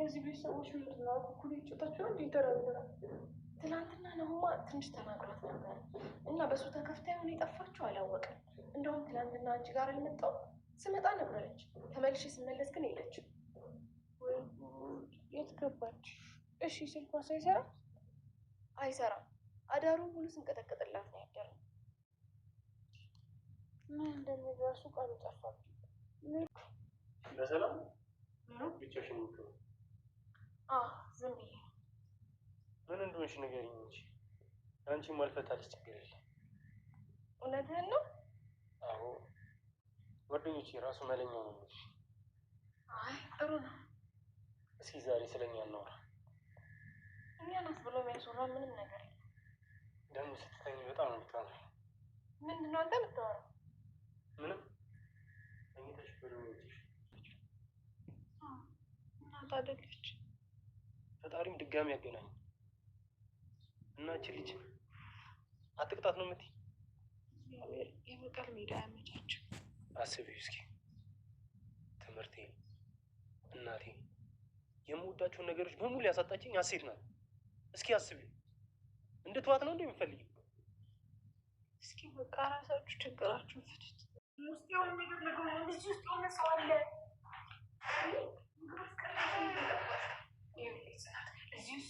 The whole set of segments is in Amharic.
የዚህ ቤት ሰዎች ምንድነው አኩኩሉ ጨጣቸው እንዴ ተረበረ። ትናንትና ነውማ ትንሽ ተናግሯት ነበር እና በእሱ ተከፍታ ይሆን የጠፋችው አላወቅም። እንደውም ትላንትና አንቺ ጋር አልመጣው ስመጣ ነበረች፣ ተመልሼ ስመለስ ግን የለችም። የት ገባች? እሺ ስልኳስ አይሰራ አይሰራም። አዳሩ ሙሉ ስንቀጠቀጥላት ነው ያደረው። ምን እንደሚደርሱ ቃሉ ጠፋብኝ። በሰላም ብቻሽን ዝም ብዬ ምን እንደሆንሽ ንገሪኝ እንጂ አንቺ ማልፈታለች ችግር እውነትህን ነው? አዎ ራሱ መለኛው ነው አይ ጥሩ ነው። እስኪ ዛሬ ስለኛ እናውራ። እኛናት ብሎ የሚያስወራ ምንም ነገር የለም። ደግሞ ስትተኝ በጣም ነው ነው። ምንድን ነው አንተ ምንም ተኝተሽ ብሎ ፈጣሪም ድጋሚ ያገናኝ እና እቺ ልጅ አትቅጣት ነው ምት የመቀል ሜዳ ያመቻቸው አስቢው እስኪ። ትምህርቴ፣ እናቴ፣ የምወዳቸውን ነገሮች በሙሉ ያሳጣችኝ አሴት ናት። እስኪ አስቢው። እንድትዋት ነው እንደሚፈልጊው? እስኪ በቃ ራሳችሁ ችግራችሁን ፍቱት። ውስጥ ሆነ ሰው አለ የብሌት ጽናት እዚህ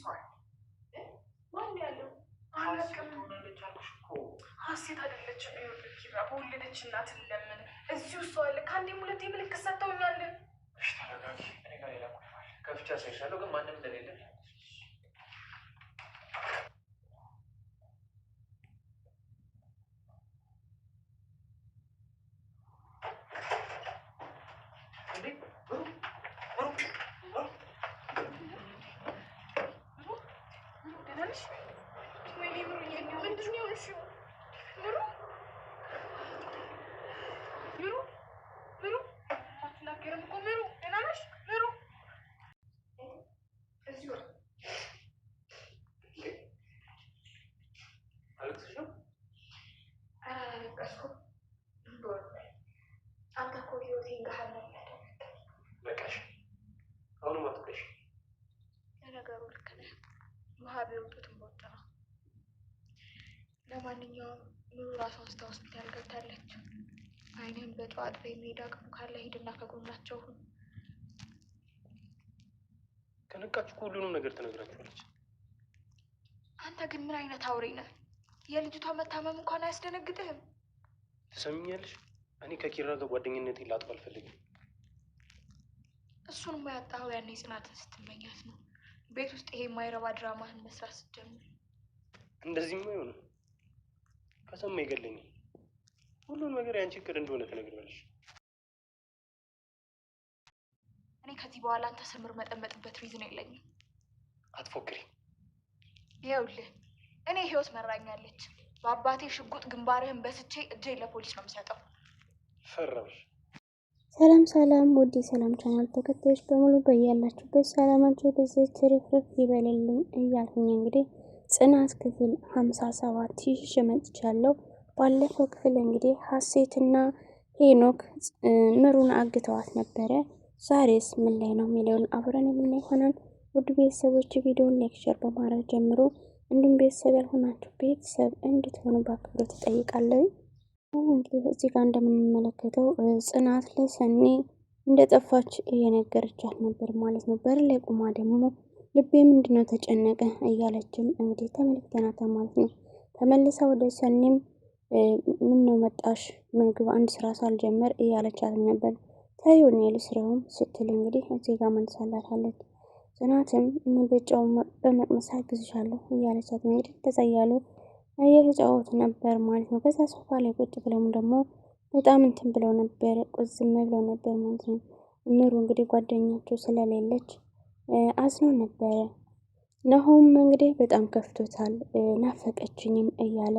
ሀሴት አይደለች። ኪራ በወለደች እናት ለምን እዚሁ እሷ አለ። ከአንዴም ሁለቴ ምልክት ሰጥተውኛለን። ከፍቻ ሳይሻለው ግን ማንም እንደሌለ Мой любимый, я не люблю его. ራሷ ወስዳ ሆስፒታል ገብታለች። አይንህን በጠዋት በሚሄድ አቅም ካለ ሂድና ከጎናቸው ሁን። ከነቃችሁ ሁሉንም ነገር ትነግራችኋለች። አንተ ግን ምን አይነት አውሬ ነህ? የልጅቷ መታመም እንኳን አያስደነግጥህም። ትሰሚኛለሽ? እኔ ከኪራ ጋር ጓደኝነት ላጥፍ አልፈልግም። እሱን ያጣኸው ያኔ ጽናትን ስትመኛት ነው። ቤት ውስጥ ይሄ የማይረባ ድራማህን መስራት ስትጀምር እንደዚህም አይሆንም። ከሰማ ይገለኛል። ሁሉን ነገር ያን ችግር እንደሆነ ትነግሪዋለሽ። እኔ ከዚህ በኋላ አንተ ስምር መጠመጥበት ሪዝን የለኝም። አትፎክሪ። ይኸውልህ እኔ ህይወት መራኛለች። በአባቴ ሽጉጥ ግንባርህን በስቼ እጄ ለፖሊስ ነው የምሰጠው። ፈራሽ። ሰላም ሰላም፣ ውድ የሰላም ቻናል ተከታዮች በሙሉ በያላችሁበት ሰላማችሁ ብዝት ትርፍርፍ ይበልልኝ እያልኩኝ እንግዲህ ጽናት ክፍል ሀምሳ ሰባት ይዤ መጥቻለሁ። ባለፈው ክፍል እንግዲህ ሀሴትና ሄኖክ ምሩን አግተዋት ነበረ። ዛሬስ ምን ላይ ነው የሚለውን አብረን የምናይ ይሆናል። ውድ ቤተሰቦች ቪዲዮን ሌክቸር በማድረግ ጀምሮ እንዲሁም ቤተሰብ ያልሆናችሁ ቤተሰብ እንድትሆኑ በአክብሮት እጠይቃለሁ። እንግዲህ እዚህ ጋር እንደምንመለከተው ጽናት ለሰኔ እንደጠፋች እየነገረቻት ነበር ማለት ነው። በር ላይ ቁማ ደግሞ ልቤ ምንድነው ተጨነቀ እያለችም እንግዲህ ተመልክተናታል ማለት ነው። ተመልሳ ወደ ሰኒም ምን ነው መጣሽ ምግብ አንድ ስራ ሳልጀምር እያለቻት ነበር። ታዩን የል ስራውም ስትል እንግዲህ እዚህ ጋር መልሳላታለች። ጽናትም እኔ በጨው በመቅመስ አግዝሻለሁ እያለቻት እንግዲህ እንደዛ እያሉ እየተጫወቱ ነበር ማለት ነው። ከዛ ሶፋ ላይ ቁጭ ብለውም ደግሞ በጣም እንትን ብለው ነበር፣ ቁዝም ብለው ነበር ማለት ነው። ምሩ እንግዲህ ጓደኛቸው ስለሌለች አዝኖ ነበረ። ናሆም እንግዲህ በጣም ከፍቶታል። ናፈቀችኝም እያለ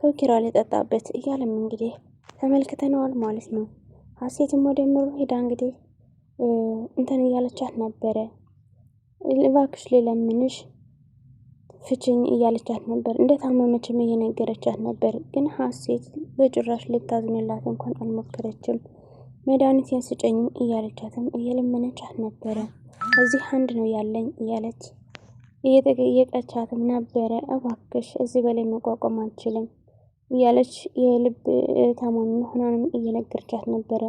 ከኪራ ሊጠጣበት እያለም እንግዲህ ተመልክተነዋል ማለት ነው። ሀሴትም ወደ ምሮ ሄዳ እንግዲህ እንትን እያለቻት ነበረ። እባክሽ ልለምንሽ ፍችኝ እያለቻት ነበር። እንደ ታመመችም እየነገረቻት ነበር። ግን ሀሴት በጭራሽ ልታዝንላት እንኳን አልሞከረችም። መድኒት ያስጨኝ እያለቻትም እየለመነቻት ነበረ። እዚህ አንድ ነው ያለኝ እያለች እየጠየቀቻትም ነበረ። እባክሽ እዚህ በላይ መቋቋም አልችልም እያለች የልብ ታማሚ መሆኗንም እየነገርቻት ነበረ።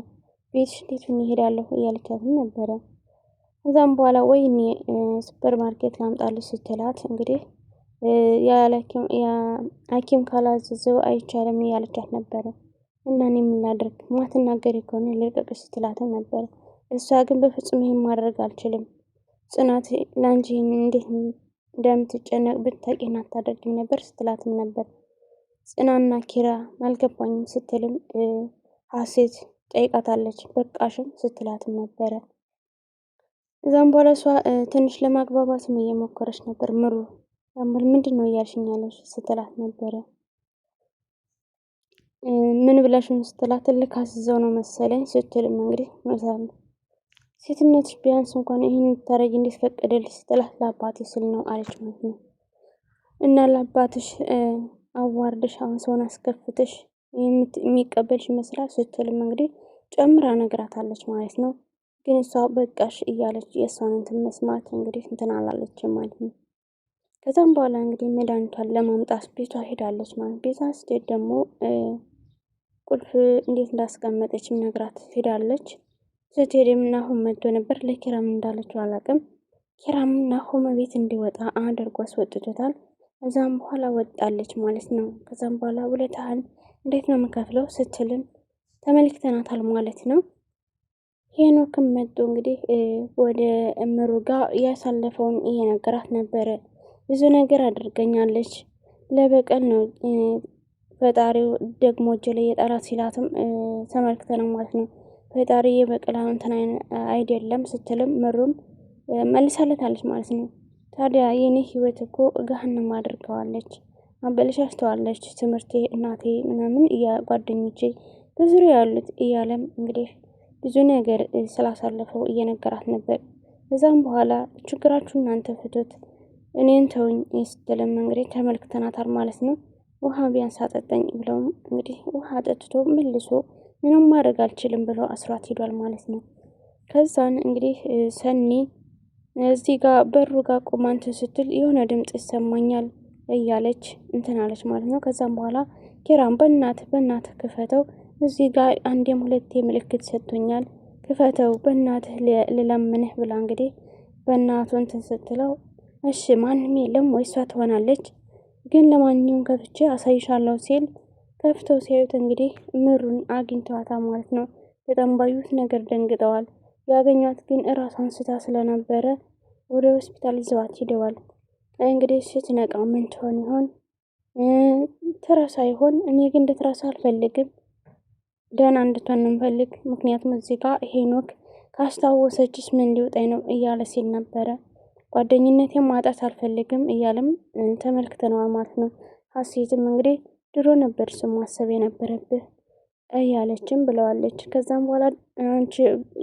ቤትሽ እንዴት እሄዳለሁ እያለቻትም ነበረ። እዛም በኋላ ወይ እኔ ሱፐር ማርኬት ላምጣልሽ ስትላት እንግዲህ ሐኪም ካላዘዘው አይቻልም እያለቻት ነበረ። እና እኔ ምን ማትናገሪ ከሆነ ስትላትም ነበረ እሷ ግን በፍጹም ይህን ማድረግ አልችልም፣ ጽናት ለአንቺ ይህን እንዴት እንደምትጨነቅ ብታቂን አታደርግም ነበር ስትላትም ነበር። ጽናና ኪራ አልገባኝም ስትልም ሀሴት ጠይቃታለች። በቃሽም ስትላትም ነበረ። እዛም በኋላ እሷ ትንሽ ለማግባባትም እየሞከረች ነበር። ምሩ ያምል ምንድን ነው እያልሽኛለች ስትላት ነበረ። ምን ብለሽም ስትላት ልካስዘው ነው መሰለኝ ስትልም እንግዲህ ሴትነትሽ ቢያንስ እንኳን ይህን የምታደርጊ እንዴት ፈቀደልሽ? ስትላት ለአባቴ ስል ነው አለች ማለት ነው። እና ለአባትሽ አዋርደሽ አሁን ሰውን አስከፍተሽ የሚቀበልሽ ይመስላል ስትልም እንግዲህ ጨምራ ነግራታለች ማለት ነው። ግን እሷ በቃሽ እያለች የእሷን እንትን መስማት እንግዲህ እንትን አላለች ማለት ነው። ከዛም በኋላ እንግዲህ መድኃኒቷን ለማምጣት ቤቷ ሄዳለች ማለት ቤቷ ስትሄድ ደግሞ ቁልፍ እንዴት እንዳስቀመጠች ነግራት ሄዳለች። ስትሄድም ናሆም መጥቶ ነበር። ለኪራም እንዳለችው አላቅም። ኪራም ናሆም ቤት እንዲወጣ አድርጎ አስወጥቶታል። እዛም በኋላ ወጣለች ማለት ነው። ከዛም በኋላ ውለታህን እንዴት ነው የምከፍለው ስትልን ተመልክተናታል ማለት ነው። ሄኖክም መጡ እንግዲህ ወደ እምሩ ጋር ያሳለፈውን እየነገራት ነበረ። ብዙ ነገር አድርገኛለች ለበቀል ነው ፈጣሪው ደግሞ እጅ ላይ የጣላት ሲላትም ነው ማለት ነው። ፈጣሪ የበቀላን እንትን አይደለም ስትልም ምሩም መልሳለታለች ማለት ነው። ታዲያ የኔ ህይወት እኮ ገሀነም አድርገዋለች፣ አበለሻሽተዋለች፣ ትምህርቴ፣ እናቴ ምናምን ጓደኞቼ፣ በዙሪያ ያሉት እያለም እንግዲህ ብዙ ነገር ስላሳለፈው እየነገራት ነበር። ከዛም በኋላ ችግራችሁ እናንተ ፍቱት እኔን ተውኝ ስትልም እንግዲህ ተመልክተናታል ማለት ነው። ውሃ ቢያንስ አጠጠኝ ብለውም እንግዲህ ውሃ አጠጥቶ መልሶ ምንም ማድረግ አልችልም ብሎ አስሯት ሄዷል ማለት ነው። ከዛን እንግዲህ ሰኒ እዚህ ጋር በሩ ጋር ቆማ እንትን ስትል የሆነ ድምፅ ይሰማኛል እያለች እንትናለች ማለት ነው። ከዛም በኋላ ኪራም በእናት በእናት ክፈተው፣ እዚህ ጋር አንዴም ሁለቴ ምልክት ሰጥቶኛል፣ ክፈተው በእናትህ ልለምንህ ብላ እንግዲህ በእናቱ እንትን ስትለው እሺ ማንም የለም ወይ እሷ ትሆናለች፣ ግን ለማንኛውም ከፍቼ አሳይሻለሁ ሲል ከፍተው ሲያዩት እንግዲህ ምሩን አግኝተዋታ ማለት ነው። በጣም ባዩት ነገር ደንግጠዋል። ያገኟት ግን እራሷን ስታ ስለነበረ ወደ ሆስፒታል ይዘዋት ሂደዋል። እንግዲህ ስትነቃ ምን ትሆን ይሆን? ትረሳ ይሆን? እኔ ግን እንድትረሳ አልፈልግም። ደህና እንድትሆን እንፈልግ። ምክንያቱም እዚህ ጋር ሄኖክ ካስታወሰችስ ምን ሊወጣኝ ነው እያለ ሲል ነበረ። ጓደኝነቴን ማጣት አልፈልግም እያለም ተመልክተነዋል ማለት ነው። ሀሴትም እንግዲህ ድሮ ነበር ስም ማሰብ የነበረብህ እያለችም ብለዋለች። ከዛም በኋላ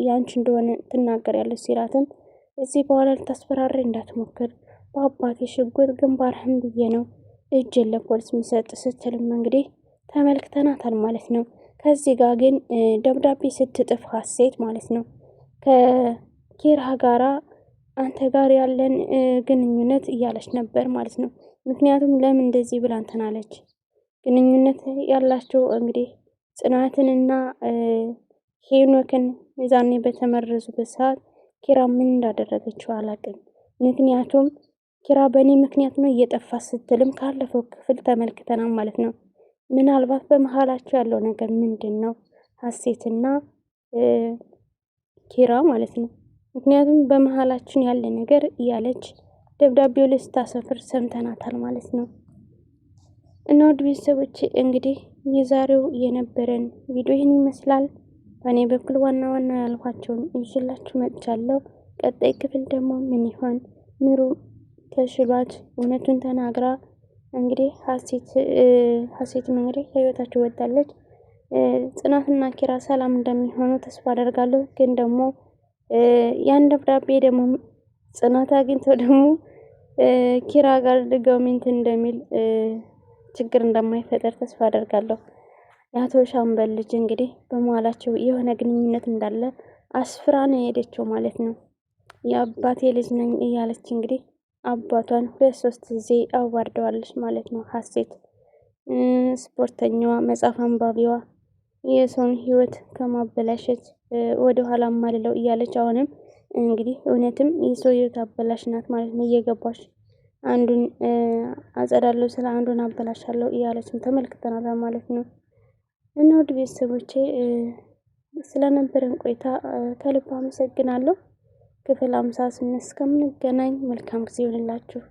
ያንቺ እንደሆነ ትናገር ያለች ሲላትም እዚህ በኋላ ልታስፈራሪ እንዳትሞክር በአባቴ ሽጉጥ ግንባርህን ብዬ ነው እጅ ለፖሊስ የሚሰጥ ስትልም እንግዲህ ተመልክተናታል ማለት ነው። ከዚህ ጋር ግን ደብዳቤ ስትጥፍ ሀሴት ማለት ነው ከኪራ ጋራ አንተ ጋር ያለን ግንኙነት እያለች ነበር ማለት ነው። ምክንያቱም ለምን እንደዚህ ብላ እንትን አለች ግንኙነት ያላቸው እንግዲህ ጽናትንና ሄኖክን ዛኔ በተመረዙበት ሰዓት ኪራ ምን እንዳደረገችው አላቅም። ምክንያቱም ኪራ በእኔ ምክንያት ነው እየጠፋ ስትልም ካለፈው ክፍል ተመልክተናል ማለት ነው። ምናልባት በመሀላቸው ያለው ነገር ምንድን ነው? ሀሴትና ኪራ ማለት ነው። ምክንያቱም በመሀላችን ያለ ነገር እያለች ደብዳቤው ልስታሰፍር ስታሰፍር ሰምተናታል ማለት ነው። እና ውድ ቤተሰቦች እንግዲህ የዛሬው የነበረን ቪዲዮ ይህን ይመስላል። በእኔ በኩል ዋና ዋና ያልኳቸውን ይዤላችሁ መጥቻለሁ። ቀጣይ ክፍል ደግሞ ምን ይሆን? ምሩ ተሽሏት እውነቱን ተናግራ እንግዲህ ሀሴትም እንግዲህ ከህይወታችሁ ወጣለች። ጽናትና ኪራ ሰላም እንደሚሆኑ ተስፋ አደርጋለሁ። ግን ደግሞ ያን ደብዳቤ ደግሞ ጽናት አግኝተው ደግሞ ኪራ ጋር ድጋሜ እንትን እንደሚል ችግር እንደማይፈጠር ተስፋ አደርጋለሁ። የአቶ ሻምበል ልጅ እንግዲህ በመሀላቸው የሆነ ግንኙነት እንዳለ አስፍራ ነው የሄደችው ማለት ነው። የአባቴ ልጅ ነኝ እያለች እንግዲህ አባቷን ሁለት ሶስት ጊዜ አዋርደዋለች ማለት ነው። ሀሴት ስፖርተኛዋ፣ መጽሐፍ አንባቢዋ፣ የሰውን ህይወት ከማበላሸት ወደኋላ ማልለው እያለች አሁንም እንግዲህ እውነትም የሰው ህይወት አበላሽ ናት ማለት ነው እየገባች አንዱን አጸዳለሁ ስለ አንዱን አበላሻለሁ እያለችን ተመልክተናል ማለት ነው። እና ውድ ቤተሰቦቼ ስለነበረን ቆይታ ከልብ አመሰግናለሁ። ክፍል አምሳ ስምንት እስከምንገናኝ መልካም ጊዜ ይሆንላችሁ።